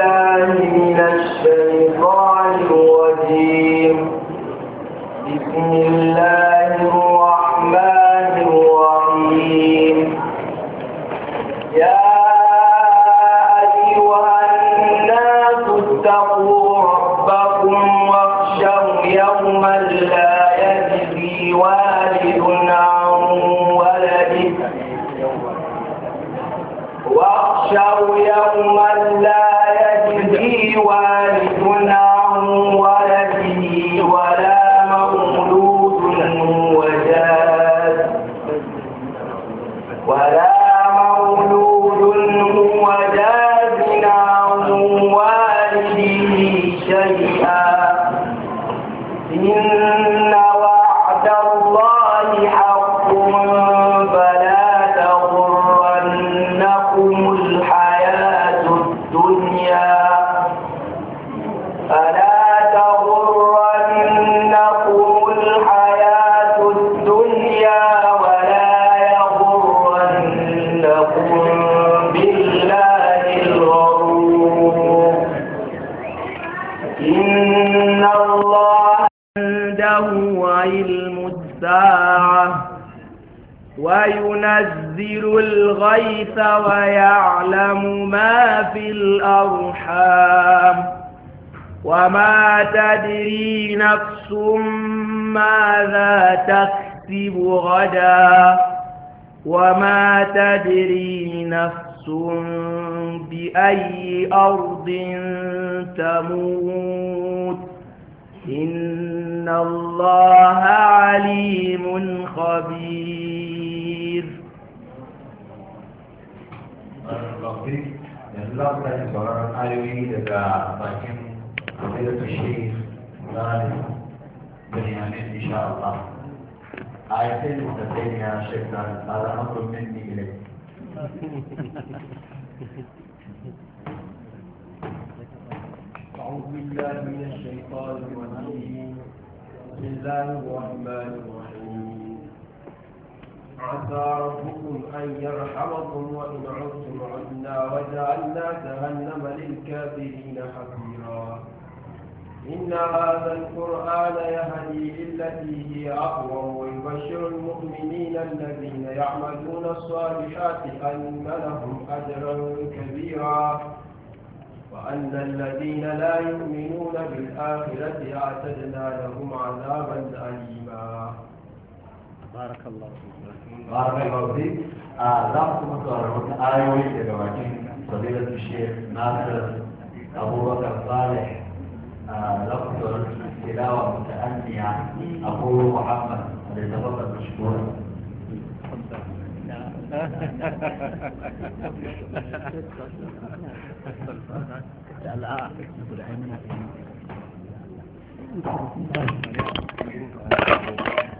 بالله من الشيطان الرجيم بسم الله ينزل الغيث ويعلم ما في الأرحام وما تدري نفس ماذا تكسب غدا وما تدري نفس بأي أرض تموت إن الله عليم خبير لطيف yanzu za ku tashi sauraron ayoyi daga bakin da shi zalim binyamin insha Allah ayatai mutatai ya shek zalim tsara makon minni ilai أعوذ بالله من الشيطان الرجيم بسم الله الرحمن الرحيم عسى ربكم أن يرحمكم وإن عدتم عدنا وجعلنا جهنم للكافرين حفيرا إن هذا القرآن يهدي للتي هي أقوى ويبشر المؤمنين الذين يعملون الصالحات أن لهم أجرا كبيرا وأن الذين لا يؤمنون بالآخرة أعتدنا لهم عذابا أليما بارك الله فيك بارك الله فيك za mu kuma saurari wata ayoyi daga bakin fadilar shekh nasir abubakar saleh za mu saurari tilawa muta'anniya abu muhammad da tabbatar da shukura Thank you.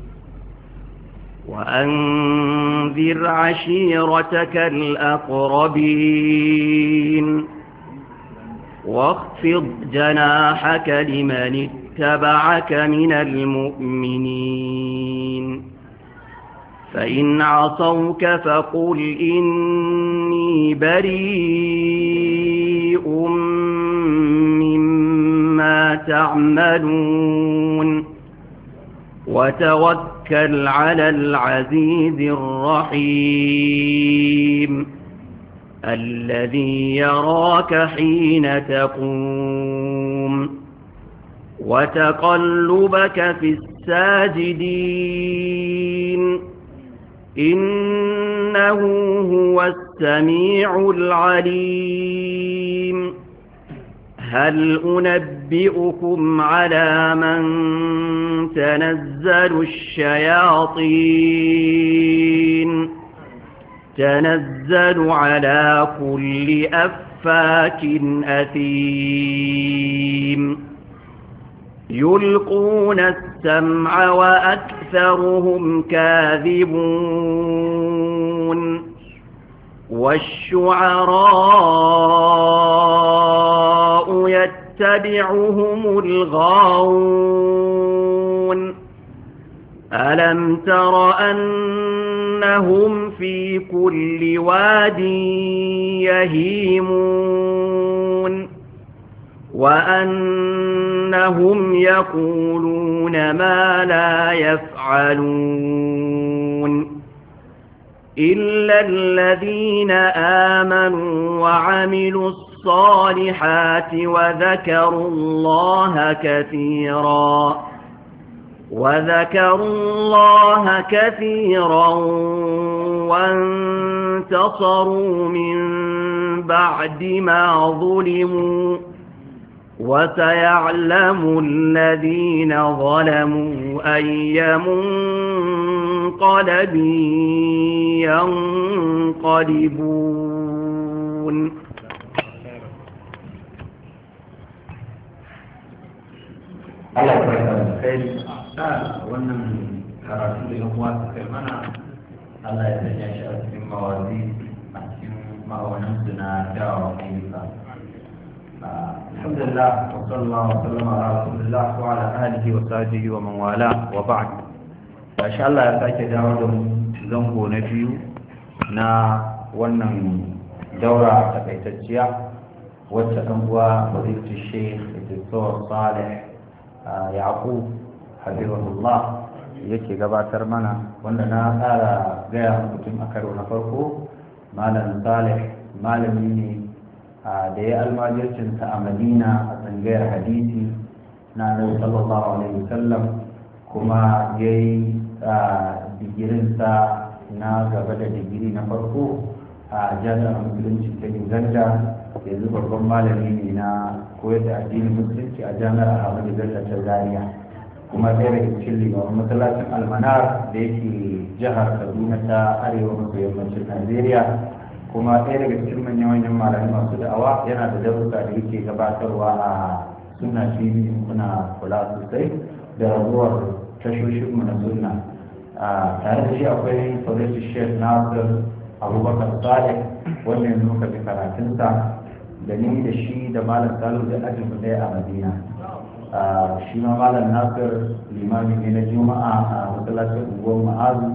وأنذر عشيرتك الأقربين واخفض جناحك لمن اتبعك من المؤمنين فإن عصوك فقل إني بريء مما تعملون وتوكل توكل على العزيز الرحيم الذي يراك حين تقوم وتقلبك في الساجدين إنه هو السميع العليم هل أنبئ أنبئكم على من تنزل الشياطين تنزل على كل أفاك أثيم يلقون السمع وأكثرهم كاذبون والشعراء يتبعون يتبعهم الغاوون ألم تر أنهم في كل واد يهيمون وأنهم يقولون ما لا يفعلون إلا الذين آمنوا وعملوا الصالحات الصالحات وذكروا الله كثيرا وذكروا الله كثيرا وانتصروا من بعد ما ظلموا وسيعلم الذين ظلموا أي منقلب ينقلبون Allah ya barka da kai da wannan karatu da yan uwa kai mana Allah ya sanya shi a cikin mawazi a cikin su na dawa ayyuka alhamdulillah wa sallallahu wa sallama ala rasulillah wa ala alihi wa sahbihi wa man wala wa ba'd Allah ya sake dawo da mu zango na biyu na wannan daura takaitacciya wacce kan uwa yaqub habibullah yake gabatar mana wanda na tsara gaya mutum a karo na farko malam salih malami ne da ya almajircinta a madina a tsangayar hadisi na nan sallallahu alaihi wasallam kuma ya yi digirinsa na gaba da digiri na farko a jami'ar musulunci ta uganda yanzu babban malami ne na koyar da addinin musulunci a jami'ar ahmadu bello ta zaria kuma ɗaya da cikin limamin masallacin almanar da yake jihar kaduna ta arewa maso yammacin najeriya kuma ɗaya daga cikin manyan manyan malami masu da'awa yana da darussa da yake gabatarwa a suna tv kuna kula sosai da tashoshin tashoshinmu na sunna tare da shi akwai fadashi shek nasir abubakar saleh wanda yanzu muka fi karatunsa da ni da shi da malam kalu da ajin ɗaya a madina shi ma malam nasir limami ne na juma'a a masallacin unguwar ma'azu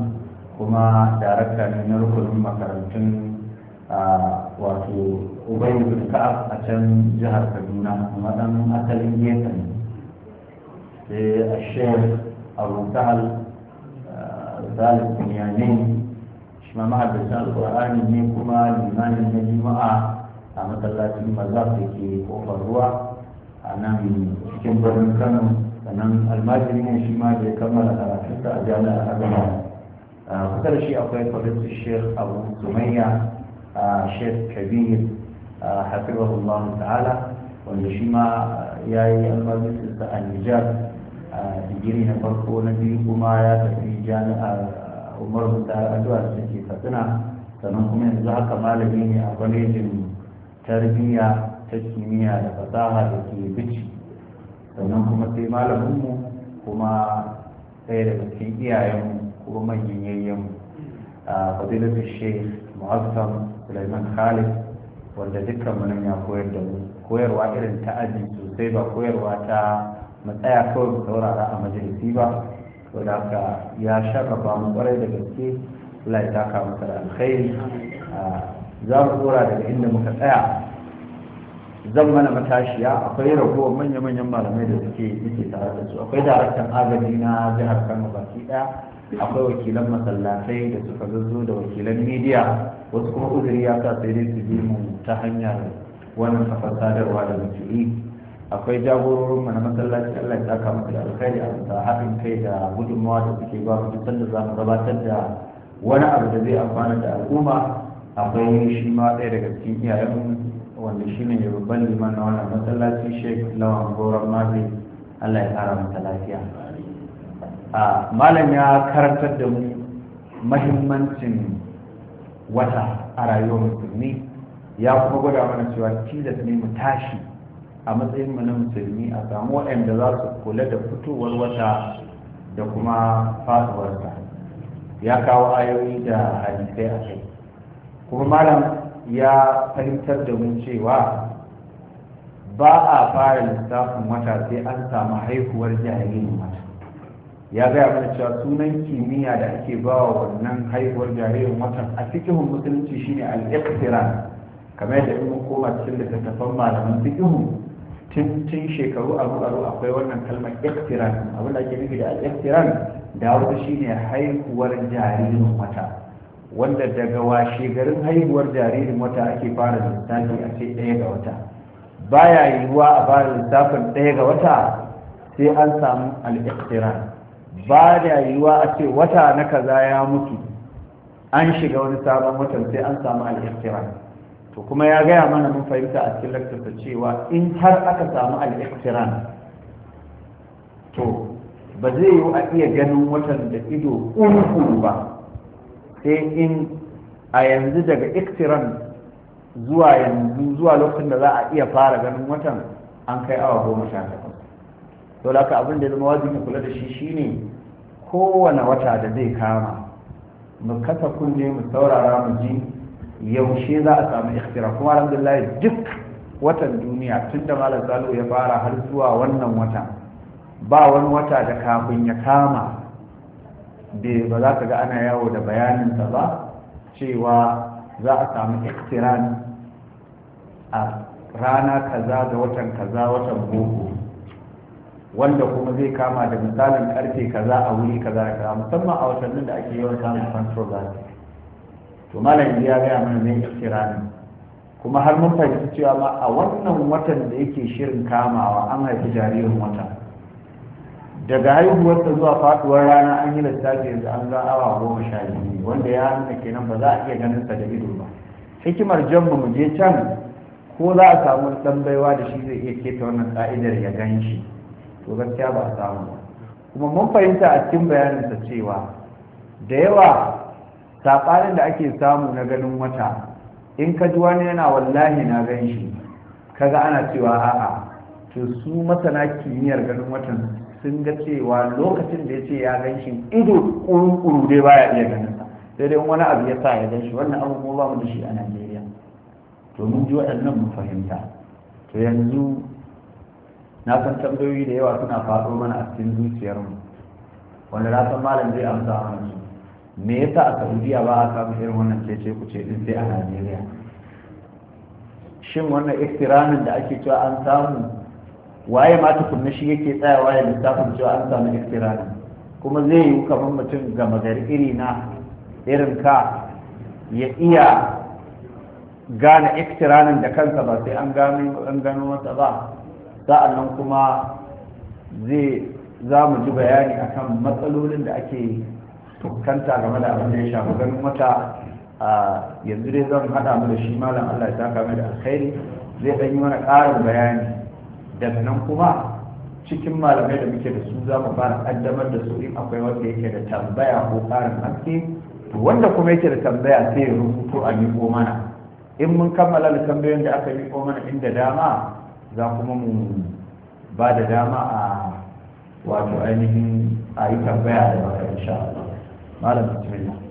kuma darakta ne na rukunin makarantun wato ubayi bin a can jihar kaduna kuma dan asalin gefe ne sai a shef a sahal zalik yanayi shi ma mahaddacin alƙur'ani ne kuma limamin na juma'a a masallacin mazaf da ke kofar ruwa a nan cikin birnin kano sannan almajiri ne shi ma da ya kammala karatunsa a jami'ar agama kusa da shi akwai fadisu sheikh abu sumayya sheikh kabir hafizahullah ta'ala wanda shi ma ya yi almajirinsa a nijar digiri na farko na biyu kuma ya tafi jami'ar umar da addu'a da ke katsina sannan kuma yanzu haka malami ne a kwalejin tarbiyya ta kimiyya da fasaha da ke bici sannan kuma sai malaminmu kuma ɗaya daga cikin iyayenmu kuma manyan yayyenmu a fadilatu shi mu'azzam sulaiman khalid wanda dukkan mu ya koyar da mu koyarwa irin ta aji sosai ba koyarwa ta matsaya kawai mu saurara a majalisi ba to da haka ya sharrafa mu kwarai da gaske Allah ya taka masa alkhairi za mu dora daga inda muka tsaya zan mana matashiya akwai ragowar manya-manyan malamai da suke yake tare da su akwai daraktan agaji na jihar kano baki daya akwai wakilan masallatai da suka zazzo da wakilan midiya wasu kuma uzuri ya sa sai dai su bi mu ta hanyar wannan kafar sadarwa da muke akwai jagororin mana masallaci Allah ya saka maka da alkhairi a bisa haɗin kai da gudunmawa da suke ba mu duk sanda za mu gabatar da wani abu da zai amfana da al'umma akwai shi ma ɗaya daga cikin iyayen wanda shi ne babban liman na wannan masallaci shek lawan goron mafi allah ya kara mata lafiya a malam ya karantar da mu mahimmancin wata a rayuwar musulmi ya kuma gwada mana cewa tilas ne mu tashi a matsayin mu na musulmi a samu waɗanda za su kula da fitowar wata da kuma faɗuwarsa ya kawo ayoyi da hadisai a kai kuma malam ya fahimtar da mu cewa ba a fara lissafin wata sai an samu haihuwar jaririn mata ya gaya mana cewa sunan kimiyya da ake ba wa wannan haihuwar jaririn wata a cikin musulunci shine al kamar yadda in koma cikin littattafan malaman fikihun tun tun shekaru a aru akwai wannan kalmar iqtiran abin da ake nufi da al da wata shine haihuwar jaririn wata wanda daga washe garin haihuwar jaririn wata ake fara lissafi a ce ɗaya ga wata baya yiwuwa a fara lissafin ɗaya ga wata sai an samu al'iktiran ba da yiwuwa a ce wata na kaza ya mutu an shiga wani sabon watan sai an samu al'iktiran to kuma ya gaya mana mun fahimta a cikin laktarsa cewa in har aka samu al'iktiran to ba zai yiwu a iya ganin watan da ido ƙunƙun ba sai in a yanzu daga iktiran zuwa yanzu zuwa lokacin da za a iya fara ganin watan an kai awa goma sha takwas to da abin da zama wajibi kula da shi shine kowane wata da zai kama mu kasa kunne mu saurara mu ji yaushe za a samu ikhtira kuma alhamdulillah duk watan duniya tun da malam salo ya fara har zuwa wannan wata ba wani wata da kafin ya kama ba za ka ga ana yawo da bayaninsa ba cewa za a samu iktiran a rana kaza da watan kaza watan boko wanda kuma zai kama da misalin karfe kaza a wuri kaza da kaza musamman a watannin da ake yawan samun controversy to malam ya gaya mana ne iktirani kuma har mun fahimci cewa ma a wannan watan da yake shirin kamawa an haifi jaririn watan. daga haihuwarsa zuwa faduwar rana an yi lissafi yanzu an za awa goma sha biyu wanda ya nuna kenan ba za a iya ganin sa da ido ba hikimar jan mu je can ko za a samu dan baiwa da shi zai iya keta wannan ka'idar ya gan shi to gaskiya ba a samu ba kuma mun fahimta a cikin bayanin bayaninsa cewa da yawa saɓanin da ake samu na ganin wata in ka ji wani yana wallahi na gan shi kaga ana cewa a'a to su masana kimiyyar ganin watan sun ga cewa lokacin da ya ce ya gan shi ido kuru dai baya iya ganin sa sai dai wani abu ya sa ya gan shi wannan abubuwa ba mu da shi a Najeriya to mun ji waɗannan mun fahimta to yanzu na san tambayoyi da yawa suna faɗo mana a cikin zuciyarmu wanda na san malam zai amsa a su me yasa a Saudiya ba a samu irin wannan cece ce din sai a Najeriya shin wannan iktiranin da ake cewa an samu waye ma tukunna shi yake tsayawa ya lissafin cewa an samu iktirani kuma zai yi kamar mutum ga magari iri na irin ka ya iya gane iktiranin da kansa ba sai an gano masa ba nan kuma zai za mu ji bayani akan matsalolin da ake tukanta game da abin da ya shafi ganin wata a yanzu dai zan hada mu da shi malam Allah ya saka mai da alkhairi zai ɗan yi mana ƙarin bayani daga nan kuma cikin malamai da muke da su za mu fara addamar da su in akwai wanda yake da tambaya ko karin haske to wanda kuma yake da tambaya sai ya rubuto a miƙo mana in mun kammala da tambayoyin da aka miƙo mana inda dama za kuma mu ba da dama a wato ainihin a yi tambaya da baka insha Allah malam bismillah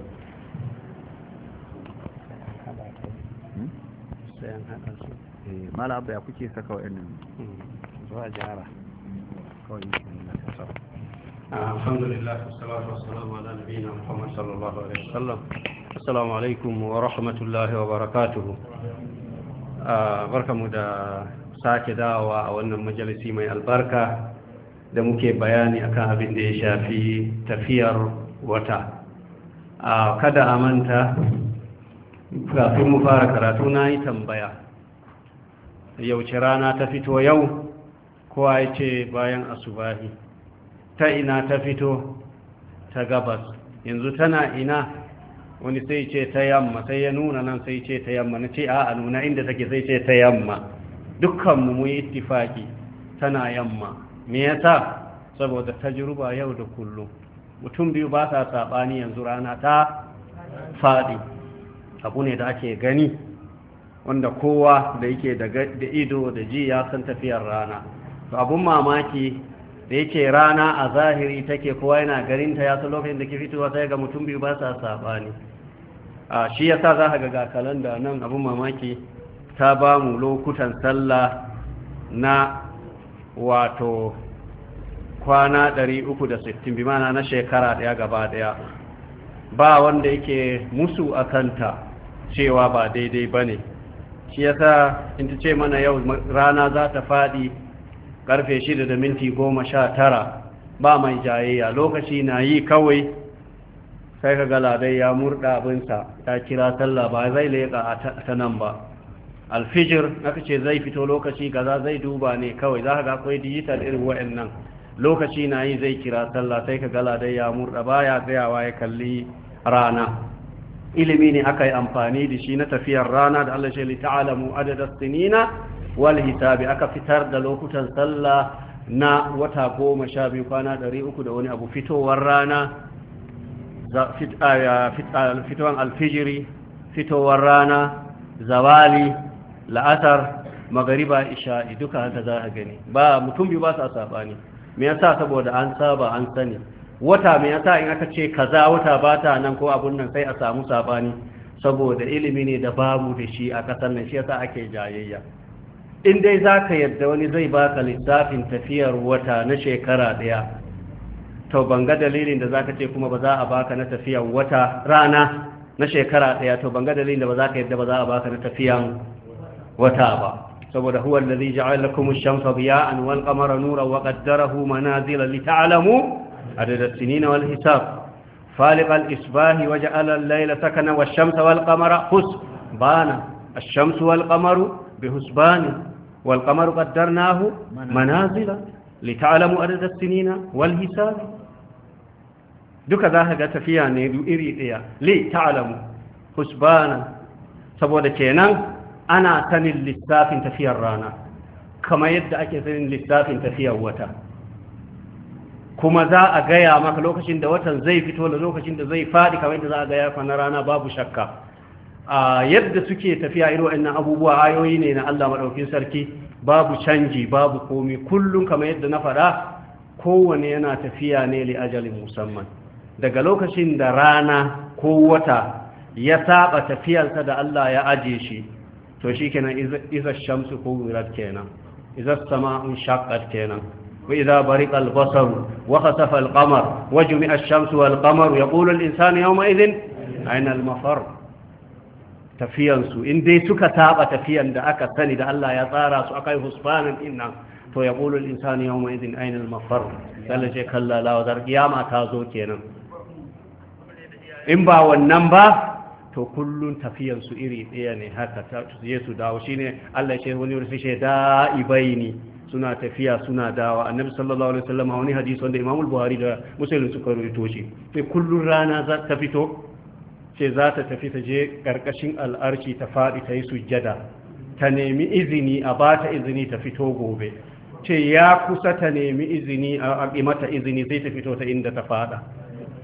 Eh, mala abu ya kuke saka wa'annan hmm. zuwa jihara kawai ah, alhamdulillah ala nabiyina muhammad sallallahu alaihi wasallam assalamu alaikum wa rahmatullahi wa barakatuhu ah, barkamu da sake dawowa a wannan majalisi mai albarka da muke bayani akan abin da ya shafi tafiyar wata ah, kada a manta kafin mu fara karatu na yi tambaya yauce rana ta fito yau kowa ya ce bayan asubahi ta ina ta fito ta gabas yanzu tana ina wani sai ce ta yamma sai ya nuna nan sai ce ta yamma na ce a nuna inda take sai ce ta yamma dukkanmu mu yi ittifaki tana yamma me yasa saboda ta tajruba yau da kullum mutum biyu ba sa sabani yanzu rana ta faɗi abu ne da ake gani wanda kowa da yake da ido da ji ya san tafiyar rana to abun mamaki da yake rana a zahiri take kowa yana ta ya san lokacin da ke fitowa sai ga mutum biyu ba sa sabani a shi yasa za ka ga kalanda nan abun mamaki ta ba mu lokutan sallah na wato kwana 360 bi mana na shekara daya gaba daya ba wanda yake musu a kanta cewa ba daidai ba ne shi sa in ta ce mana yau rana za ta faɗi ƙarfe shida da minti goma sha tara ba mai jayayya lokaci na yi kawai sai ka gala dai ya murɗa abinsa ta kira sallah ba zai leƙa ta nan ba alfijir aka ce zai fito lokaci gaza zai duba ne kawai za ka ga akwai digital irin wa'annan lokaci na yi zai kira sallah sai ka gala dai ya murɗa baya tsayawa ya kalli rana ilimi ne aka yi amfani da shi na tafiyar rana da Allah shi ta'alamu adadar sinina wal hisabi aka fitar da lokutan sallah na wata goma sha biyu kwana ɗari uku da wani abu fitowar rana fitowar alfijiri fitowar rana zawali la'asar magariba isha'i duka haka za a gani ba mutum biyu ba su a ne me yasa saboda an saba an sani wata mai yasa in aka ce kaza wata ba ta nan ko abun nan sai a samu sabani saboda ilimi ne da babu da shi a kasar nan shi yasa ake jayayya in dai zaka yadda wani zai baka lissafin tafiyar wata na shekara daya to banga dalilin da zaka ce kuma ba za a baka na tafiyar wata rana na shekara daya to banga dalilin da ba zaka yadda ba za a baka na tafiyan wata ba saboda huwa allazi ja'ala lakum ash-shamsa diya'an wal qamara nuran wa qaddarahu manazila li ta'lamu عدد السنين والحساب فالق الإصباح وجعل الليل سكنا والشمس والقمر حسبانا الشمس والقمر بحسبان والقمر قدرناه منازل لتعلموا عدد السنين والحساب duka za ka ga tafiya ne iri ɗaya li ta'alamu husbana saboda kenan ana sanin lissafin tafiyar rana kama yadda ake sanin lissafin tafiyar wata kuma za a gaya maka lokacin da watan zai fito da lokacin da zai faɗi kamar yadda za a gaya na rana babu shakka a yadda suke tafiya irin wa'annan abubuwa ayoyi ne na Allah maɗaukin sarki babu canji babu komai. kullum kamar yadda na faɗa kowane yana tafiya ne li ajalin musamman daga lokacin da rana ko wata ya saba tafiyarsa da Allah ya aje shi to shikenan iza shamsu ko wirat kenan iza sama'un shaqqat kenan وإذا برق البصر وخسف القمر وجمع الشمس والقمر يقول الإنسان يومئذ أين المفر tafiyansu in dai suka taba tafiyan da aka sani da Allah ya tsara su akai husbanan inna to ya qulu al-insanu yawma idhin ayna al-mafar sallan ce wazar zo kenan in ba wannan ba to kullun tafiyansu iri daya ne haka ta Yesu su dawo shine Allah ya ce wani rufi shaida'i baini suna tafiya suna dawa annabi sallallahu alaihi wasallam wani hadisi wanda Imam Buhari da Muslim suka rawaito shi sai kullun rana za ta fito sai za ta tafi ta je karkashin al'arci ta faɗi ta yi sujjada ta nemi izini a ba ta izini ta fito gobe ce ya kusa ta nemi izini a mata izini sai ta fito ta inda ta faɗa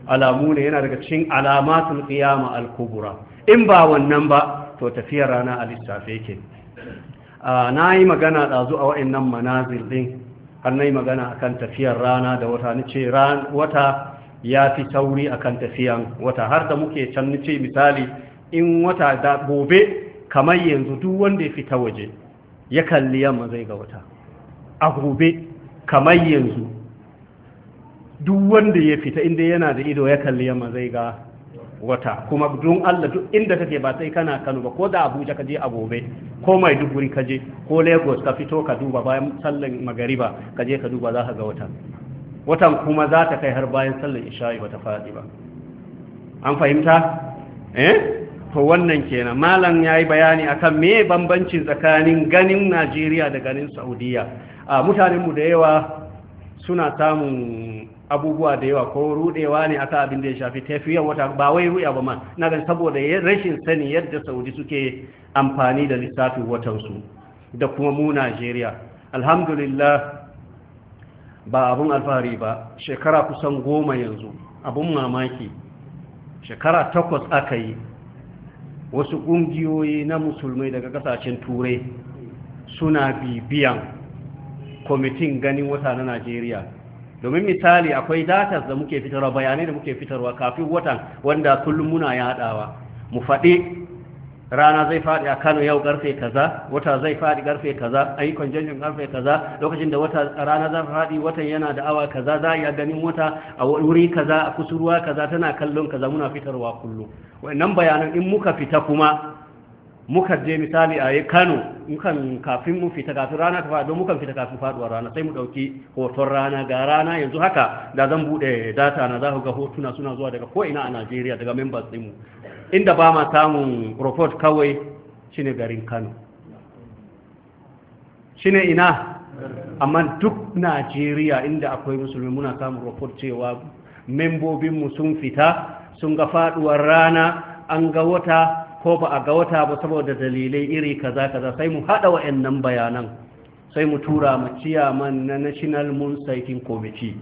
alamu ne yana daga cikin alamatul qiyama al-kubra in ba wannan ba to tafiyar rana a lissafe yake Ah, na yi magana ɗazu a wa'annan manazil ɗin har na yi magana a kan tafiyar rana da wata ni ce wata ya fi sauri kan tafiyan wata har da muke can ni ce misali in wata da gobe kamar yanzu duk wanda ya fita waje ya kalli yamma zai ga wata a gobe kamar yanzu duk wanda ya fita inda yana da ido ya kalli yamma zai ga wata kuma don Allah duk inda kake ba sai kana Kano ba ko da Abuja ka je a gobe ko Maiduguri ka je ko Lagos ka fito ka duba bayan sallan magariba ka je ka duba za ka ga wata watan kuma za ta kai har bayan sallan isha'i bata faɗi ba an fahimta eh to wannan kenan malam yayi bayani akan me bambanci tsakanin ganin Najeriya da ganin Saudiya a mutanen mu da yawa suna samun abubuwa da yawa ko rudewa ne aka abin da ya shafi tafiyar wata ba wai ruya ba ma na gan saboda rashin sani yadda saudi suke amfani da lissafin watansu da kuma mu najeriya alhamdulillah ba abun alfahari ba shekara kusan goma yanzu abun mamaki shekara takwas aka yi wasu ƙungiyoyi na musulmai daga kasashen turai suna bibiyan kwamitin ganin wata na najeriya domin misali akwai datas da muke fitarwa bayanai da muke fitarwa kafin watan wanda kullum muna yadawa mu faɗi rana zai faɗi a Kano yau karfe kaza wata zai faɗi karfe kaza ayyukan janjin karfe kaza lokacin da wata rana zai faɗi watan yana da awa kaza za a ganin wata a wuri kaza a kusurwa kaza tana kallon kaza muna fitarwa kullum wannan bayanan in muka fita kuma muka je misali a Kano mukan kafin mu fita kafin rana ta faɗo mukan fita kafin faɗuwar rana sai mu ɗauki hoton rana ga rana yanzu haka da zan buɗe data na za ku ga hotuna suna zuwa daga koina a Najeriya daga members ɗinmu inda ba ma samun report kawai shine garin Kano shine ina amma duk Najeriya inda akwai musulmi muna samun report cewa membobinmu sun fita sun ga faɗuwar rana an ga wata ko ba a ga wata ba saboda dalilai iri kaza kaza sai mu haɗa wa'annan bayanan sai mu tura ma man na national moon sighting committee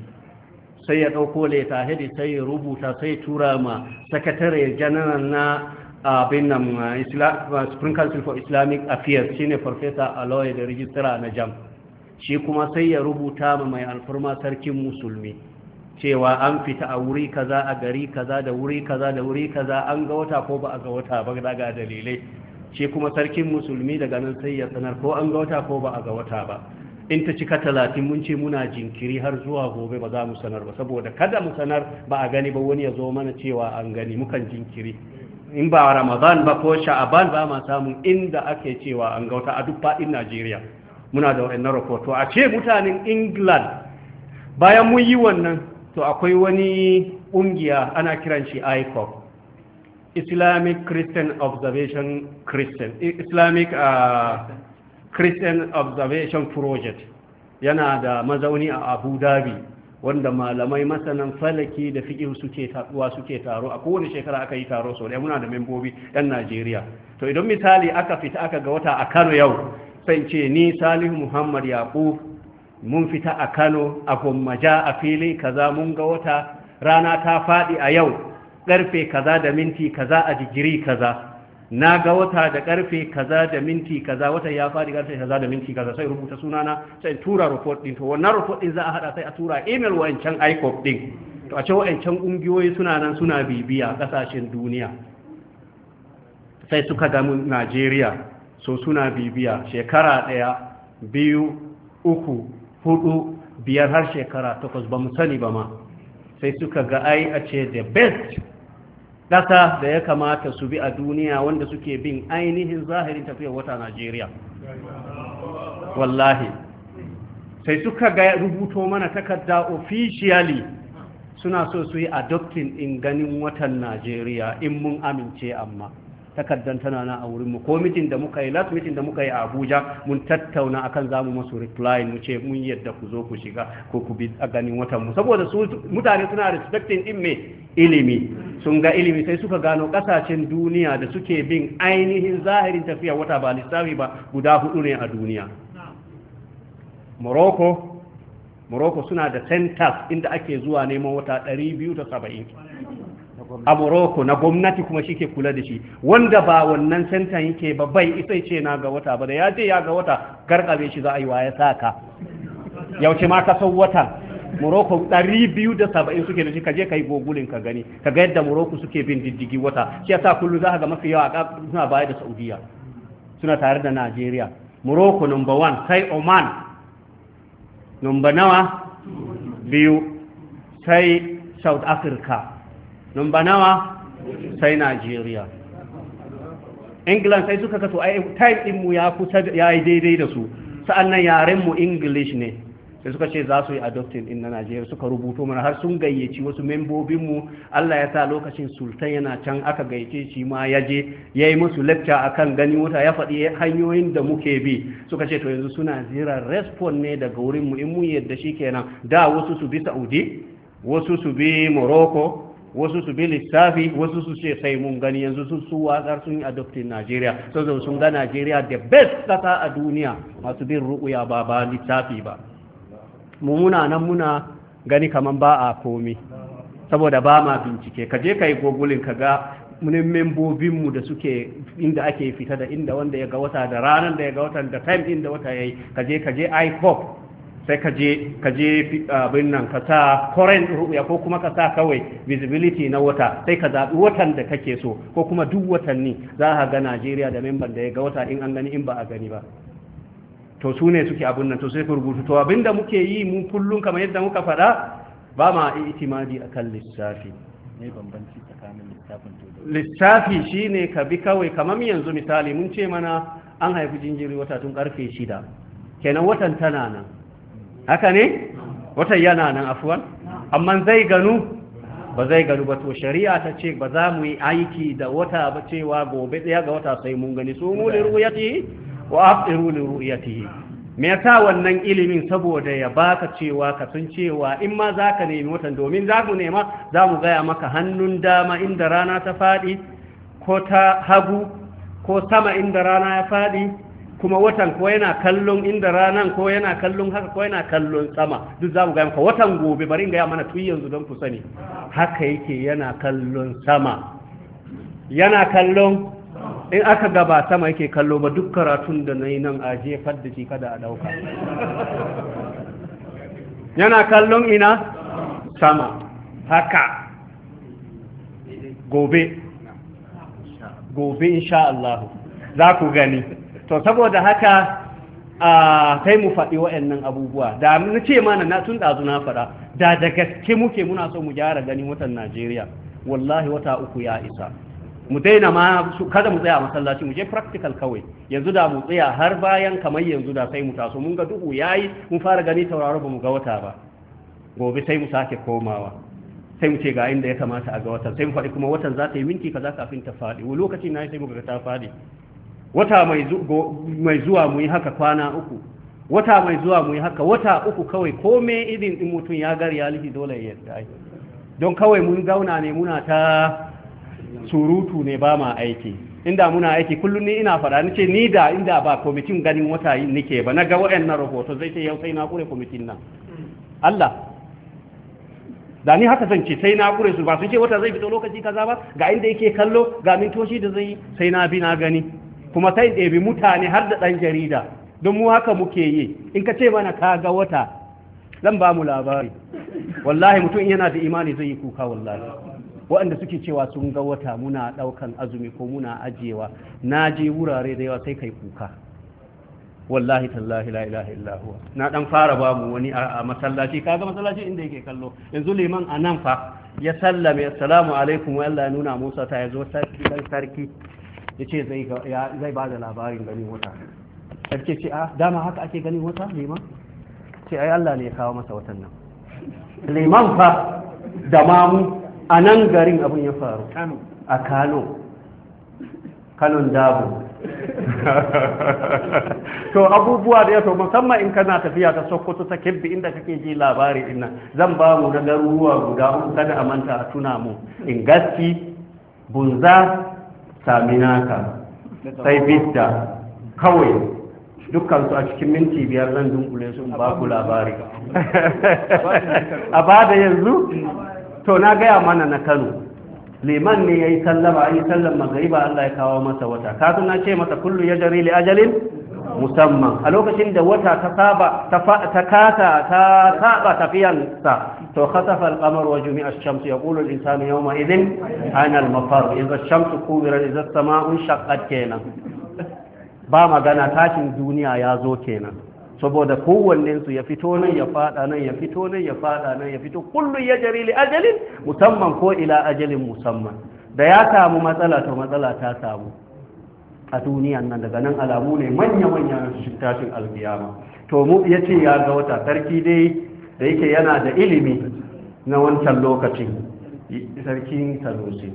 sai ya ɗauko leta hedi sai ya rubuta sai tura ma sakatare janaral na abin nan Supreme council for islamic affairs shine farfesa aloy da rijistara na jam shi kuma sai ya rubuta ma mai alfurma sarkin musulmi cewa an fita a wuri kaza a gari kaza da wuri kaza da wuri kaza an ga wata ko ba a ga wata ba daga dalilai shi kuma sarkin musulmi daga nan sai ya sanar ko an ga wata ko ba a ga wata ba in ta cika talatin mun ce muna jinkiri har zuwa gobe ba za mu sanar ba saboda kada mu sanar ba a gani ba wani ya zo mana cewa an gani mukan jinkiri in ba ramadan ba ko sha'aban ba ma samun inda ake cewa an ga wata a duk faɗin najeriya muna da wa'annan rahoto a ce mutanen england bayan mun yi wannan to akwai wani ƙungiya ana kiran shi ICOP Islamic Christian Observation Christian Islamic uh, Christian Observation Project yana da mazauni a Abu Dhabi wanda malamai masanan falaki da fiƙihu suke taruwa suke taro a kowane shekara aka yi taro sau muna da membobi ɗan Najeriya to idan misali aka fita aka ga wata a Kano yau sai ce ni Salihu Muhammad Yaqub mun fita a kano a gommaja a fili kaza mun ga wata rana ta faɗi a yau ƙarfe kaza da minti kaza a digiri kaza na ga wata da ƙarfe kaza da minti kaza wata ya faɗi ƙarfe kaza da minti kaza sai rubuta sunana sai tura report ɗin to wannan report ɗin za a haɗa sai a tura email wa'ancan icop ɗin to a ce wa'ancan ƙungiyoyi suna nan suna bibiya ƙasashen duniya sai suka damu najeriya so suna bibiya shekara ɗaya biyu uku hudu biyar har shekara takwas ba sani ba ma sai suka ga ai a ce the best ƙasa da ya kamata su bi a duniya wanda suke bin ainihin zahirin tafiya wata najeriya wallahi sai suka ga rubuto mana takarda officially suna so su yi adoptin in ganin watan najeriya in mun amince amma takardar tana na a wurinmu ko mitin da muka yi last mitin da muka yi a abuja mun tattauna akan za mu masu reply mu ce mun yadda ku zo ku shiga ko ku bi a ganin watan saboda su mutane suna respecting din me ilimi sun ga ilimi sai suka gano kasashen duniya da suke bin ainihin zahirin tafiya wata ba lissafi ba guda hudu ne a duniya morocco morocco suna da centers inda ake zuwa neman wata 270 a morocco na gwamnati kuma shi ke kula da shi wanda ba wannan senta yake ba bai isa ce na ga wata ba da ya je ya ga wata garkabe shi za a yi wa ya sa ka yauce ma ka san wata? Morocco saba'in suke da shi ka kaje kai gogulin ka gani ka ga yadda Morocco suke bin diddigi wata shi yasa kullu za ka ga mafi yawa a suna baya da Saudiya suna tare da Najeriya Morocco number one sai Oman number nawa biyu sai South Africa numba nawa sai nigeria England sai suka kaso ai time din mu ya kusa ya yi daidai da su sa'annan yaren mu English ne sai suka ce za su yi adopting din na Najeriya suka rubuto mana har sun gayyaci wasu membobin mu Allah ya sa lokacin sultan yana can aka gayyace shi ma ya je yayi musu lecture akan gani wuta ya faɗi hanyoyin da muke bi suka ce to yanzu suna zira respond ne daga wurin mu in mu yadda kenan da wasu su bi Saudi wasu su bi Morocco wasu su bi lissafi wasu su ce sai mun gani yanzu sun su watsar sun yi adoptin Najeriya zo sun ga Najeriya the best kasa a duniya masu bin ruƙuya ba ba lissafi ba mu muna nan muna gani kaman ba a komi saboda ba ma bincike ka je kai gogulin ka ga munin mu da suke inda ake fita da inda wanda ya ga wata da ranar da ya ga watan da time inda wata yayi ka je ka je ICOP sai ka je ka je ah, abin nan ka sa current ru'ya ko kuma ka sa kawai visibility na wata sai ka zaɓi watan da kake so ko kuma duk watanni za a ga Najeriya da memban da ya ga wata in an gani in ba a gani ba to su ne suke abin nan to sai ku rubutu to abin da muke yi mu kullum kamar yadda muka faɗa ba ma itimadi akan lissafi ne bambanci tsakanin shine ka bi kawai kamar yanzu misali mun ce mana an haifi jinjiri wata tun karfe shida kenan watan tana nan haka ne watan yana nan afuwan amma zai ganu ba zai ganu ba to shari'a ta ce ba za mu yi aiki da wata ba cewa gobe ɗaya ga wata sai mun gani su mu li ru'yatihi wa afiru li ru'yatihi me yasa wannan ilimin saboda ya baka cewa ka sun cewa in ma zaka nemi watan domin za mu nema za mu gaya maka hannun dama inda rana ta faɗi ko ta hagu ko sama inda rana ya faɗi kuma watan ko yana kallon inda ranan ko yana kallon haka ko yana kallon sama duk za mu gaya maka watan gobe bari in gaya mana tun yanzu don ku sani haka yake yana kallon sama yana kallon in aka gaba sama yake kallo ba duk karatun da na yi nan a jefar da shi kada a dauka yana kallon ina sama haka gobe gobe insha Allah za ku gani to saboda haka a kai mu faɗi wa'annan abubuwa da na ce mana na tun ɗazu na faɗa da da gaske muke muna so mu gyara gani watan najeriya wallahi wata uku ya isa mu daina ma kada mu tsaya a masallaci mu je practical kawai yanzu da mu tsaya har bayan kamar yanzu da sai mu taso mun ga duhu yayi mun fara gani tauraro ba mu ga wata ba gobe sai mu sake komawa sai mu ce ga inda ya kamata a ga watan sai mu faɗi kuma watan za ta yi minti kaza kafin ta faɗi lokaci na sai mu ga ta faɗi wata mai zuwa mu yi haka kwana uku wata mai zuwa mu yi haka wata uku kawai kome irin din mutum ya gari ya lihi dole ya yarda don kawai mun zauna ne muna ta surutu ne ba ma aiki inda muna aiki kullum ni ina faɗa ni ce ni da inda ba kwamitin ganin wata nike ba na ga wa'annan rahoto zai ce yau sai na kure kwamitin nan Allah da ni haka zan ce sai na kure su ba sun ce wata zai fito lokaci kaza ba ga inda yake kallo ga mintoci da zai sai na bi na gani kuma sai ɗebi mutane har da ɗan jarida don mu haka muke yi in ka ce mana ka ga wata zan ba mu labari wallahi mutum yana da imani zai yi kuka wallahi waɗanda suke cewa sun ga wata muna ɗaukan azumi ko muna ajiyewa na je wurare da yawa sai kai kuka wallahi tallahi la ilaha illa huwa na dan fara ba mu wani a masallaci kaga masallaci inda yake kallo yanzu liman anan fa ya sallame assalamu alaikum wa Allah ya nuna Musa ta yazo sarki sarki ya ce zai ba da labarin ganin wata sarki ce a ah, dama haka ake ganin wata liman ce ai Allah ne ya kawo masa watan nan liman fa da mamu a nan garin abin ya faru a kano kanon dabu to abubuwa da ya to musamman in kana tafiya ta sokoto ta kebbi inda kake ji labari ina zan ba mu da garuruwa guda uku kada a manta a tuna mu in gaski bunza saminaka sai bidda kawai dukkan su a cikin minti biyar zan dunkule su ba ku labari a bada yanzu to na gaya mana na kano liman ne ya yi sallama an yi sallan ba Allah ya kawo masa wata kasu na ce masa kullu ya jari li ajalin musamman a lokacin da wata ta saba ta kasa ta saba tafiyansa to khasafa al-qamar wa jumi'a ash-shams yaqulu al-insanu yawma idhin ana al-mafar idza ash-shamsu kubirat idza as-sama'u shaqqat kenan ba magana tashin duniya ya zo kenan saboda kowannen su ya fito nan ya fada nan ya fito nan ya fada nan ya fito kullu yajri li ajalin musamman ko ila ajalin musamman da ya samu matsala to matsala ta samu a duniyan nan daga nan alamu ne manya-manyan tashin alkiyama to mu ya ce ya ga wata sarki dai da yake yana da ilimi na wancan lokacin sarkin sanusi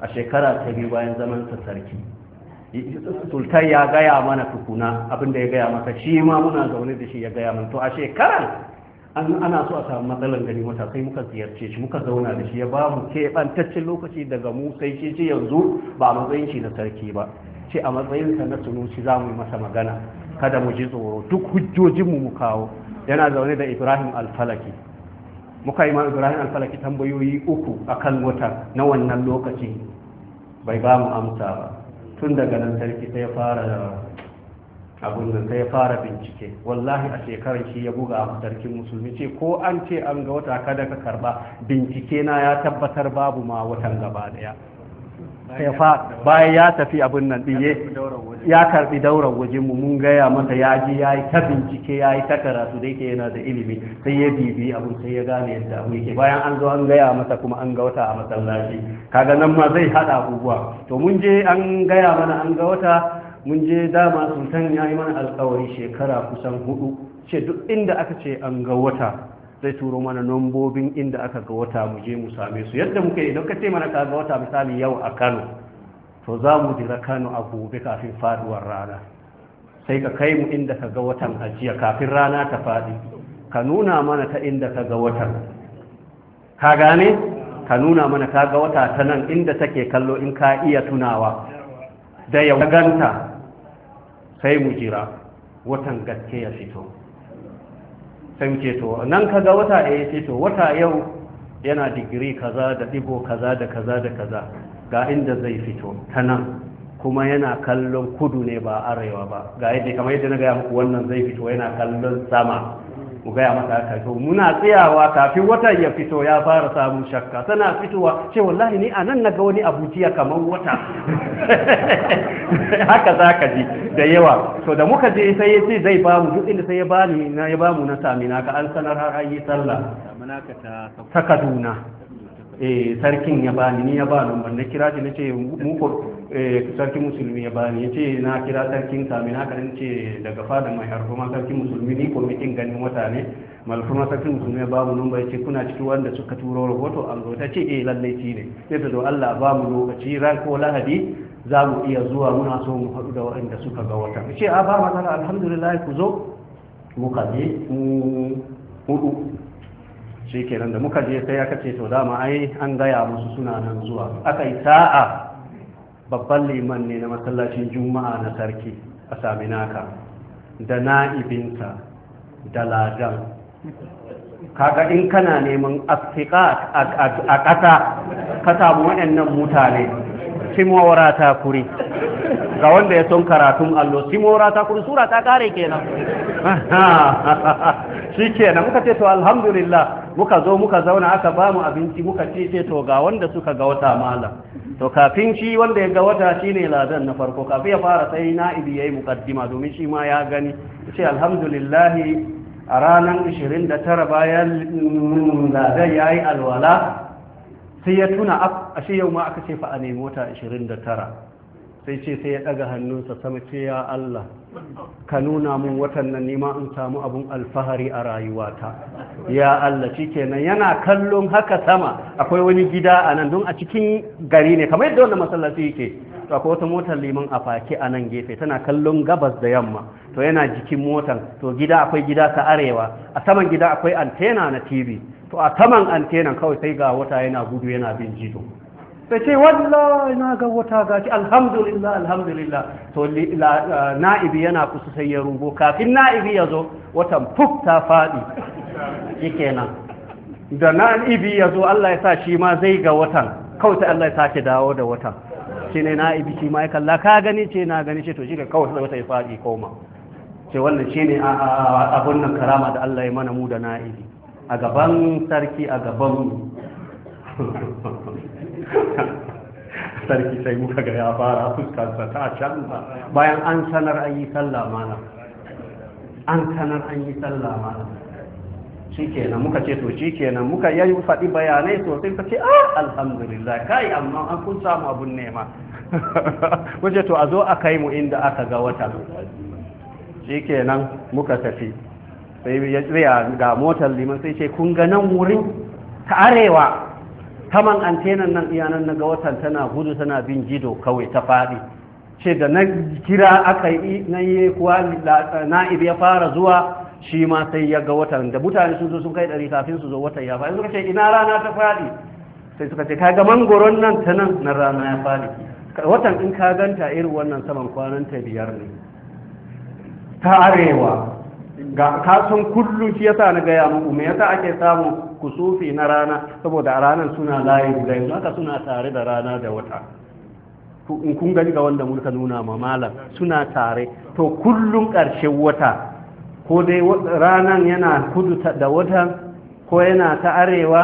a shekara ta biyu bayan zaman sa sarki sultan ya gaya mana tukuna abinda ya gaya masa shi ma muna zaune da shi ya gaya mana to a shekarar ana so a samu matsalar gani wata sai muka ziyarce shi muka zauna da shi ya ba mu keɓantaccen lokaci daga mu sai shi yanzu ba a matsayin shi na sarki ba ce a matsayinsa na sunusi za mu yi masa magana kada mu ji tsoro duk hujjojinmu mu kawo yana zaune da ibrahim alfalaki muka yi ma ibrahim alfalaki tambayoyi uku a kan wata na wannan lokaci bai ba mu amsa ba tun daga nan sarki sai ya fara abin nan sai ya fara bincike wallahi a shekarar shi ya buga a sarkin musulmi ce ko an ce an ga wata kada ka karba bincike na ya tabbatar babu ma watan gaba daya fa bayan ya tafi abin nan ɗiye ya karbi dauran wajen mu mun gaya masa ya ji ya yi ta bincike ya yi ta karatu da yake yana da ilimi sai ya bibi abin sai ya gane yadda abu yake bayan an zo an gaya masa kuma an ga wata a masallaci kaga nan ma zai haɗa abubuwa to mun je an gaya mana an ga wata mun je dama sultan ya yi mana alkawari shekara kusan hudu ce duk inda aka ce an ga wata zai turo mana nombobin inda aka ga wata mu je mu same su yadda muke idan ka ce mana ka ga wata misali yau a Kano to za mu jira Kano a gobe kafin faduwar rana sai ka kai mu inda ka ga watan ajiya kafin rana ta fadi ka nuna mana ta inda ka ga watan ka gane ka nuna mana ka ga wata ta nan inda take kallo in ka iya tunawa da ya ganta sai mu jira watan gaske ya fito sai muke to nan kaga wata ɗaya ce to wata yau yana digiri kaza da ɗigo kaza da kaza da kaza ga inda zai fito ta nan kuma yana kallon kudu ne ba arewa ba ga yadda kamar yadda na gaya muku wannan zai fito yana kallon sama mu gaya masa haka to muna tsayawa kafin watan ya fito ya fara samun shakka tana fitowa ce wallahi ni anan naga wani abu jiya kamar wata haka za ka ji da yawa to da muka je sai ya ce zai ba mu duk inda sai ya bani na ya ba mu na samina ka an sanar har ayi sallah ta Kaduna Eh, sarkin ya bani ni ya ba lambar na kira shi na ce muku eh, sarkin musulmi ya bani ya ce na kira sarkin sami na kan ce daga fada mai harfuma sarkin musulmi ni ko mikin ganin mutane malfuma sarkin musulmi ya bamu numba ya ce kuna ciki wanda suka turo rahoto an zo ta ce eh lallai ci ne sai ta zo Allah ba mu lokaci ran ko lahadi za mu iya zuwa muna so mu haɗu da waɗanda suka ga wata ce a ba matsala alhamdulillah ku zo mu kaje mu hudu shi kenan da muka je sai aka ce to dama ai an gaya musu suna nan zuwa aka yi sa'a babban liman ne na masallacin juma'a na sarki a saminaka da na'ibinta da ladan kaga in kana neman afiƙa a ƙasa ka samu waɗannan mutane simowara ta kuri ga wanda ya son karatun allo simowara ta kuri sura ta kare kenan shi kenan muka ce to alhamdulillah muka zo muka zauna aka ba mu abinci muka ce ce to ga wanda suka ga wata malam to kafin shi wanda ya ga wata shine ladan na farko kafin ya fara sai na'ibi ya yi muqaddima domin shi ma ya gani ce alhamdulillah a ranar 29 bayan ladan yi alwala sai ya tuna ashe yau ma aka ce fa a nemi wata 29 sai ce sai ya ɗaga hannunsa sama ce ya Allah ka nuna mun watan nan nima in samu abun alfahari a rayuwata ya Allah shikenan yana kallon haka sama akwai wani gida a nan don a cikin gari ne kamar yadda wannan masallaci yake to akwai wata motar liman a faki a nan gefe tana kallon gabas da yamma to yana jikin motar to gida akwai gida ta arewa a saman gida akwai antena na TV to a saman antenan kawai sai ga wata yana gudu yana bin jido sai ce wallahi na ga wata gaci alhamdulillah alhamdulillah to na'ibi yana kusa sai ya rubo kafin na'ibi ya zo watan fuk ta faɗi yake nan da na'ibi ya zo Allah ya sa shi ma zai ga watan kawai sai Allah ya sake dawo da watan shi ne na'ibi shi ma ya kalla ka gani ce na gani ce to shi ga kawai sai wata ya faɗi koma ce wannan shi ne abun nan karama da Allah ya mana mu da na'ibi a gaban sarki a gaban sarki sai muka ga ya fara fuskarsa ta canza bayan an sanar an yi sallah mana an sanar an yi sallah mana shi kenan muka ce to shi kenan muka yayi faɗi bayanai sosai ka ce ah alhamdulillah kai amma an kun samu abun nema wace to a zo a kai mu inda aka ga watan shi kenan muka tafi sai ya tsaya ga motar liman sai ce kun ga nan wurin ta arewa taman antenan nan iyanan na ga watan tana gudu tana bin jido kawai ta faɗi ce da na kira aka yi na yi kuwa na'ib ya fara zuwa shi ma sai ya ga watan da mutane sun zo sun kai ɗari kafin su zo watan ya faɗi suka ce ina rana ta faɗi sai suka ce ga mangoron nan ta nan na rana ya faɗi watan in ka ganta irin wannan saman kwanan ta biyar ne ta arewa ga kasan kullum shi yasa na gaya muku me yasa ake samun kusufi na rana saboda a ranar suna layi guda yanzu haka suna tare da rana da wata in kun gani ga wanda muka nuna ma malam suna tare to kullum ƙarshen wata ko dai ranan yana kudu da wata, ko yana ta arewa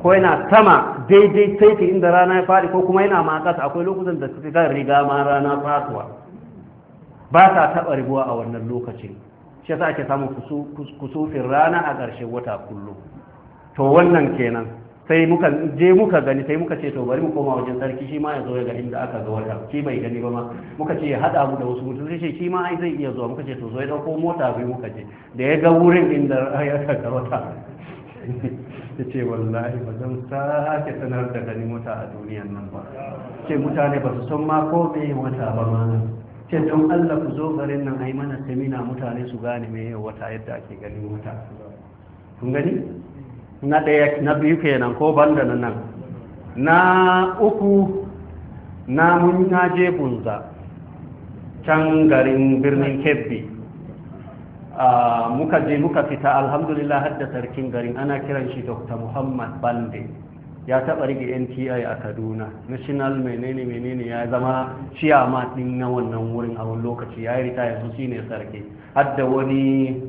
ko yana sama daidai taiti inda rana ya faɗi ko kuma yana makasa, akwai lokutan da suke suka riga ma rana fasuwa ba ta taɓa ribuwa a wannan lokacin shi sa ake samun kusufin rana a ƙarshen wata kullum to wannan kenan sai muka je muka gani sai muka ce to bari mu koma wajen sarki shi ma ya zo ya ga inda aka ga wata shi bai gani ba ma muka ce ya hada mu da wasu mutum sai shi ma ai zai iya zuwa muka ce to zo ya dauko mota bai muka je da ya ga wurin inda aka ga wata ya ce wallahi ba zan sake sanar da gani wata a duniyan nan ba ce mutane ba su san ma ko me wata ba ma ce don allah ku zo garin nan a yi mana samina mutane su gane mai yau wata yadda ake ganin wata kun gani na ɗaya na biyu kenan ko banda na nan na uku na mun na je bunza can garin birnin kebbi muka je muka fita alhamdulillah hadda sarkin garin ana kiran shi dr muhammad bande ya taɓa rike nti a kaduna national menene menene ya zama ciyama ɗin na wannan wurin a wani lokaci ya yi rita yanzu shine ne sarki hadda wani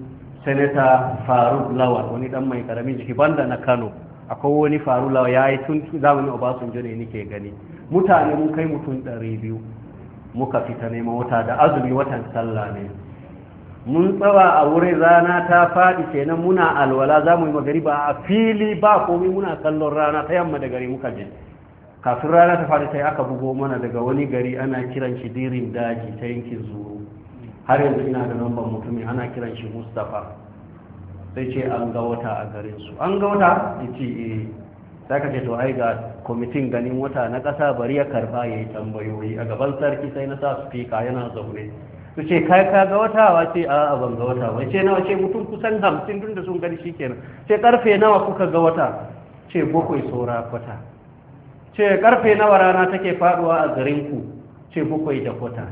senator faruk lawal wani dan mai karamin jiki banda na kano akwai wani faruk lawal ya yi tun zamanin obasanjo ne nike gani mutane mun kai mutum ɗari biyu muka fita neman wata da azumi watan sallah ne mun tsawa a wurin rana ta faɗi kenan muna alwala za mu yi magari ba. a fili ba komi muna kallon rana ta yamma da gari muka je kafin rana ta faɗi sai aka bugo mana daga wani gari ana kiran shi dirin daji ta yankin zuru har yanzu ina da lambar mutumin ana kiran shi mustapha sai ce an ga wata a garin su an ga wata ya ce eh sai ka ce to ai ga kwamitin ganin wata na ƙasa bari ya karba ya yi tambayoyi a gaban sarki sai na sa spika yana zaune su ce kai ka ga wata wa ce a a ban ga wata ba ce nawa ce mutum kusan hamsin tun da sun gani shi kenan. ce karfe nawa kuka ga wata ce bakwai saura kwata ce karfe nawa rana take faduwa a garin ku ce bakwai da kwata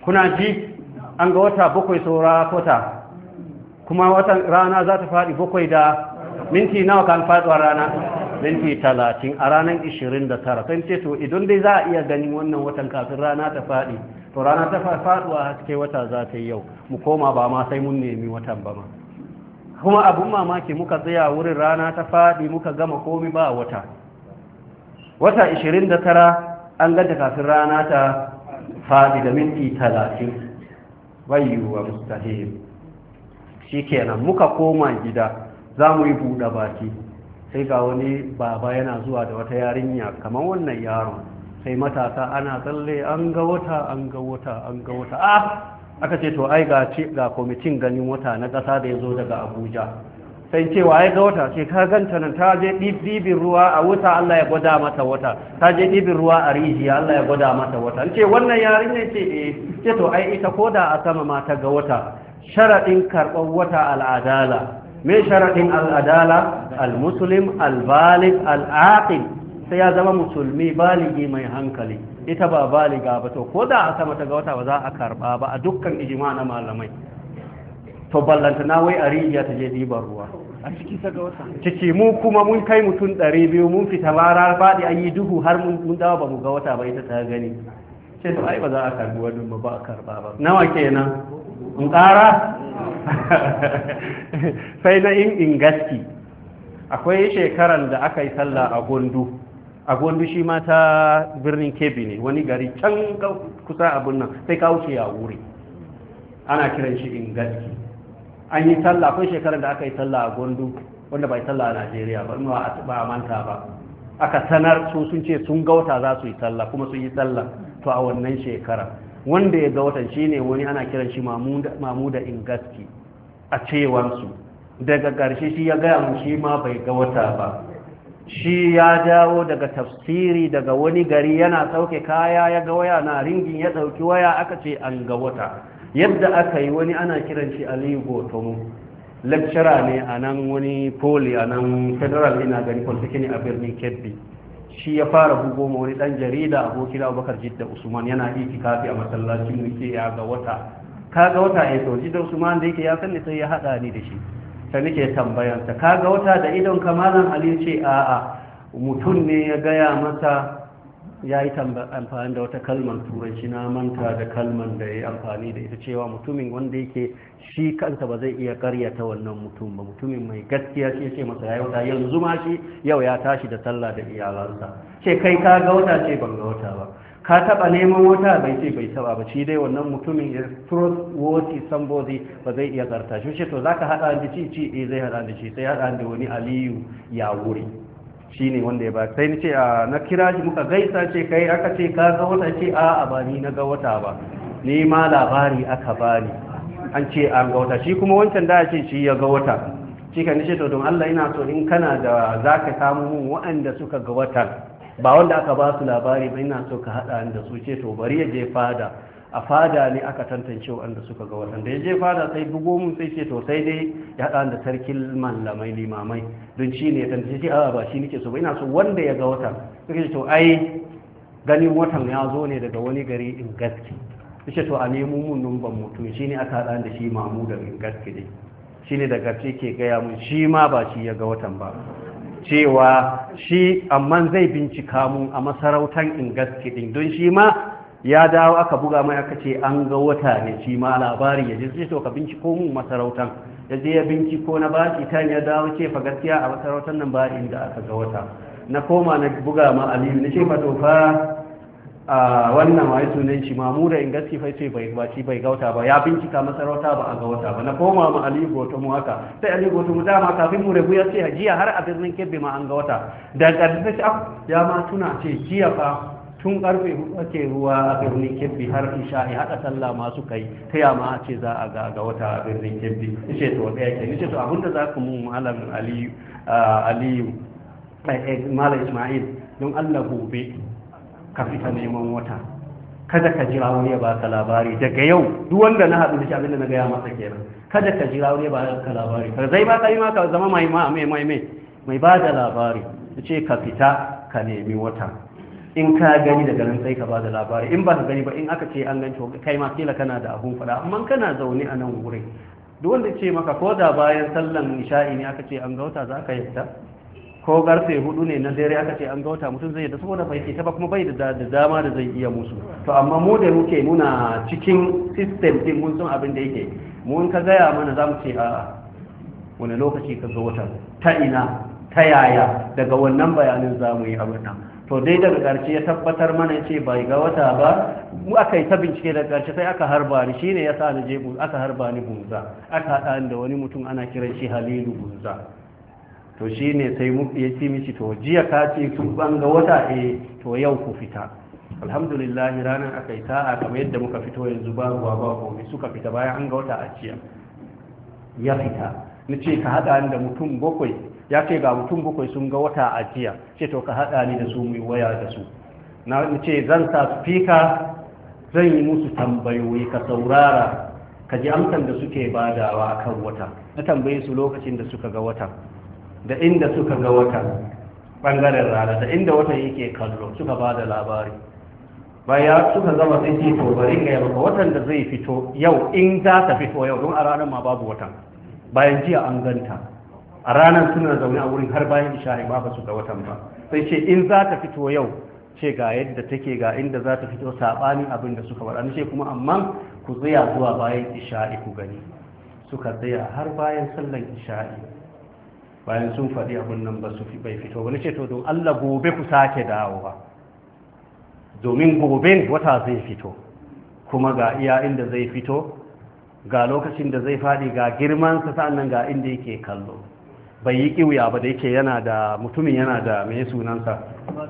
kuna ji an ga wata bakwai saura kwata kuma watan rana za ta faɗi bakwai da minti nawa kan faduwa rana minti talatin a ranar ishirin da tara kan ce to idan dai za a iya ganin wannan watan kafin rana ta faɗi to rana ta faduwa haske wata za ta yi yau mu koma ba ma sai mun nemi watan ba ma kuma abun mamaki muka tsaya wurin rana ta faɗi muka gama komi ba wata wata 29 an ganta kafin rana ta faɗi da minti 30 bayyuwa mustahil shi kenan muka koma gida za mu yi buɗe baki sai ga wani baba yana zuwa da wata yarinya kamar wannan yaron sai matasa ana tsalle an ga wata an ga wata an ga wata A ah! aka ce to ai ga ga kwamitin ganin wata na ƙasa da ya zo daga abuja sai cewa ai ga wata ce ka ganta nan ta je ɗibin ruwa a wuta allah ya gwada mata wata ta je ɗibin ruwa a rijiya allah ya gwada mata wata ce wannan yarinya ce E, ce to ai ita ko da a sama mata ga wata sharaɗin karɓar wata al'adala me sharaɗin al'adala al-muslim al-balig al-aqil sai ya zama musulmi baligi mai hankali ita ba baliga ba to ko da a sama ta ga wata ba za a karba ba a dukkan ijima na malamai to ballanta na wai a rijiya ta je ɗiban ruwa a ciki ta ga wata ciki mu kuma mun kai mutum ɗari biyu mun fita bara faɗi an yi duhu har mun dawo ba mu ga wata ba ita ta gani ce to ai ba za a karbi wannan ba ba a karba ba nawa kenan in ƙara sai na in gaski akwai shekaran da aka yi sallah a gondu. a gondu shi ma ta birnin kebi ne wani gari can kusa abin nan sai ka wuce ya wuri ana kiran shi in gaski, an yi talla akwai shekarar da aka yi talla a gondu wanda bai talla a najeriya ba a manta ba aka sanar su sun ce sun gauta za su yi talla kuma sun yi talla to a wannan shekara wanda ya gautan shi ne wani ana kiran shi in gaski a cewansu daga ƙarshe shi ya gaya mu shi ma bai ga wata ba shi ya dawo daga tafsiri daga wani gari yana sauke kaya ya ga waya na ringin ya ɗauki waya aka ce an ga wata yadda aka yi wani ana kiran shi aliyu gotomo lecturer ne a nan wani poli a nan federal ina gari ne a birnin kebbi shi ya fara bugo ma wani dan jarida hokin abubakar jidda usman yana iki kafi a masallacin mu ke ya ga wata ka ga wata ya eh sauji da usman da yake ya sanni sai ya haɗa ni da shi ta nake tambayanta kaga wata da idon kamalan ali ce a'a mutum ne ya gaya masa ya yi amfani da wata kalmar turanci na manta da kalmar da ya yi amfani da ita cewa mutumin wanda yake shi kansa ba zai iya karyata wannan mutum ba mutumin mai gaskiya shi ce masa ya wata yanzu ma shi yau ya tashi da sallah da iyalansa ce kai ka ga wata ce ban ga wata ba ka taba neman wata bai ce bai taba ba shi dai wannan mutumin ya wasi somebody ba zai iya zarta shi ce to zaka haɗa da ci ci eh, zai haɗa da shi sai haɗa da wani aliyu ya wuri ne wanda ya ba sai ni ce na kira shi muka gaisa ce kai aka ce ka ga wata ce a a ba ni na ga wata ba ni ma labari aka bani an ce an ga wata shi kuma wancan da ce shi ya ga wata shi ni ce to don Allah ina so in kana da za ka samu mun waɗanda suka ga watan ba wanda aka ba su labari ba ina so ka haɗa da su ce to bari ya je fada a fada ne aka tantance wanda suka ga watan da ya je fada sai bugo mun sai ce to sai dai ya haɗa da sarkin mallamai limamai don shi ne ya tantance shi a ba shi nake so ba ina so wanda ya ga watan suka ce to ai ganin watan ya zo ne daga wani gari in gaske suke to a nemo mun numban mutum shi ne aka haɗa da shi mamu da in gaske dai shi ne daga ce ke gaya mun shi ma ba shi ya ga watan ba cewa shi amma zai bincika mun a masarautar in gaske din don shi ma ya dawo aka buga mai aka ce an ga wata ne shi ma labari ya zai to ka binciko mun masarautar ya je ya binciko na shi ta ya dawo ce fa gaskiya a masarautar nan ba inda aka ga wata na koma na buga ma aliyu na ce fa to fa a wannan wai tunan shi mamura in gaske fai sai bai shi bai gauta ba ya bincika masarauta ba a ga wata ba na koma ma ali goto mu haka sai ali goto mu dama kafin mu rabu ya ce jiya har a birnin kebbi ma an ga wata da ƙarfi sai ah, ya ma tuna ce jiya fa tun karfe hudu ake ruwa a birnin kebbi har in sha ya haɗa sallah masu kai ta ma ce za a ga wata a birnin kebbi ishe to ɗaya ke ce to abinda za ku mun malam aliyu aliyu eh, eh, malam ismail don allah gobe ka fita neman wata kada ka jira wani ya baka labari daga yau duk wanda na haɗu da shi abinda na gaya masa kenan kada ka jira wani ya baka labari ka zai ba kai ma ka zama mai ma mai mai mai mai ba da labari ce ka fita ka nemi wata in ka gani daga nan sai ka ba da labari in ba ka gani ba in aka ce an ganci kai ma kila kana da abun faɗa amma kana zaune a nan wurin duk wanda ce maka ko da bayan sallan isha'i ne aka ce an gauta za ka yadda ko garfe hudu ne na dare aka ce an ga wata mutum zai da saboda bai ta ba kuma bai da dama da zai iya musu to amma mu da muke muna cikin system din mun san abin da yake mun ka gaya mana za mu ce a wani lokaci ka zo wata ta ina ta yaya daga wannan bayanin za mu yi abin nan to dai daga karshe ya tabbatar mana ce bai ga wata ba mu aka yi ta bincike daga karshe sai aka harba ni shine yasa ni je aka harba ni bunza aka haɗa da wani mutum ana kiran shi Halilu bunza to shi ne sai ya ce mishi to jiya ka ce tun banga wata e to yau ku fita alhamdulillah ranar aka yi sa'a kamar yadda muka fito yanzu ba ruwa ba komai suka fita bayan an ga wata a jiya ya fita ni ce ka haɗa da mutum bakwai ya ce ga mutum bakwai sun ga wata a jiya ce to ka haɗa ni da su mai waya da su na ce zan sa speaker zan yi musu tambayoyi ka saurara ka ji amsan da suke badawa kan wata na tambaye su lokacin da suka ga wata da inda suka ga watan bangaren rana da inda wata yake kallo suka ba da labari baya suka zama sai ce to bari ga yaba watan da zai fito yau in za ta fito yau don a ranar ma babu watan bayan jiya an ganta a ranar suna zaune a wurin har bayan isha'i ba ba su ga watan ba sai ce in za ta fito yau ce ga yadda take ga inda za ta fito saɓanin abin da suka faɗa ce kuma amma ku tsaya zuwa bayan isha'i ku gani suka tsaya har bayan sallan isha'i bayan sun faɗi abin nan ba su bai fito wani ce to don Allah gobe ku sake ba domin gobe wata zai fito kuma ga iya inda zai fito ga lokacin da zai faɗi ga girmansa sa'annan ga inda yake kallo bai yi kiwuya ba da yake yana da mutumin yana da mai sunansa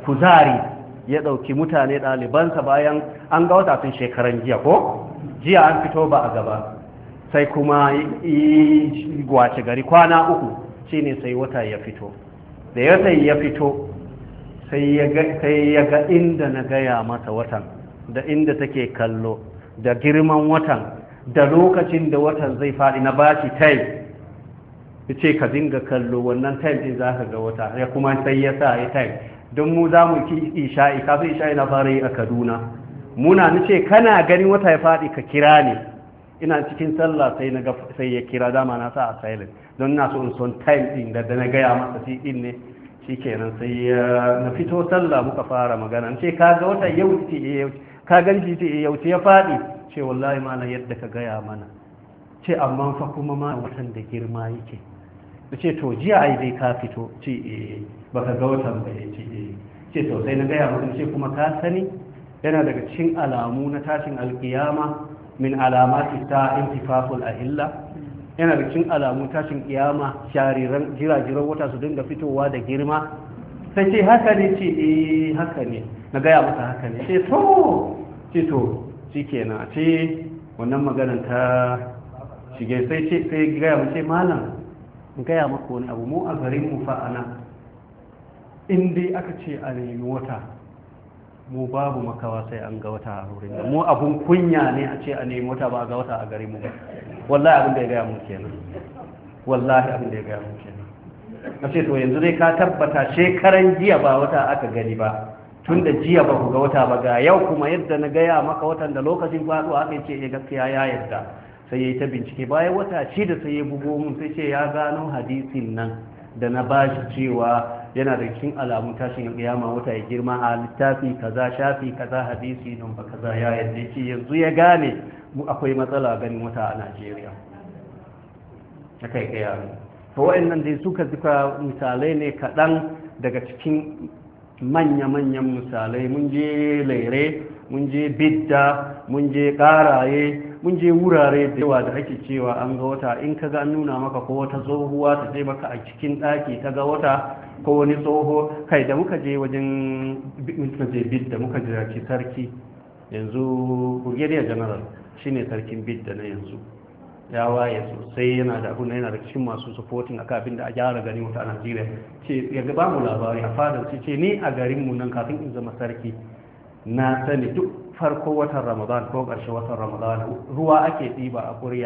kuzari ya ɗauki mutane ɗalibansa bayan an ga wata tun shekaran jiya ko jiya an fito ba a gaba sai kuma yi gwace gari kwana uku ne sai wata ya fito da ya sai ya fito sai ya ga inda na gaya mata watan da inda take kallo da girman watan da lokacin da watan zai faɗi na bashi time ya ce ka dinga kallo wannan time din za ka ga wata ya kuma sai ya sa ya time don mu za mu ki isha'i kafin isha'i na fara yi a kaduna muna ni ce kana ganin wata ya faɗi ka kira ne ina cikin sallah sai na sai ya kira dama na sa a silent don na so in son time din da da na gaya masa shi din ne shikenan sai na fito sallah muka fara magana ce ka ga wata yau ce yau ka ganji ce yau ce ya fadi ce wallahi malam yadda ka gaya mana ce amma fa kuma ma watan da girma yake ce to jiya ai dai ka fito ce eh baka ga watan ba ce eh ce to sai na gaya maka ce kuma ka sani yana daga cikin alamu na tashin alkiyama min alamati ta intifaful ahilla yana da cin alamu tashin kiyama shariran jirajiran wata su dinga fitowa da girma sai ce haka ne ce eh haka ne na gaya masa haka ne ce to ce to shi kenan ce wannan maganar ta shige sai ce sai gaya mace malam in gaya maka wani abu mu a garin mu fa'ana in dai aka ce a nemi wata mu babu makawa sai an ga wata a mu abun kunya ne a ce a nemi wata ba a ga wata a gare mu wallahi abin da ya gaya mu kenan wallahi abin da ya gaya mu kenan na ce to yanzu dai ka tabbata shekaran jiya ba wata aka gani ba tun da jiya ba ku ga wata ba ga yau kuma yadda na gaya maka watan da lokacin faɗo aka ce ya eh, gaskiya ya yarda sai ya yi ta bincike bayan wata shida sai ya bugo mun sai ce ya gano hadisin nan da na bashi cewa yana da cikin alamun tashin kiyama wata ya girma a littafi kaza shafi kaza hadisi don ba kaza ya yadda yake yanzu ya gane mu akwai matsala ganin wata a Najeriya ta kai kai yaro to wayannan dai suka duka misalai ne kaɗan daga cikin manya-manyan misalai mun je laire mun je bidda mun je ƙaraye mun je wurare da yawa da ake cewa an ga wata in ka ga nuna maka ko wata tsohuwa ta je maka a cikin ɗaki ta ga wata ko wani tsoho kai da muka je wajen bid da muka ziyarci, sarki yanzu brigadier general shine sarkin bid da na yanzu ya waye sosai yana da abu yana da cikin masu supporting a kafin da a gyara gani wata a Najeriya ce ya ba mu labari a fadar ce ni a garin mu nan kafin in zama sarki na sani duk farko watan Ramadan ko karshe watan Ramadan ruwa ake ɗiba a ƙuriya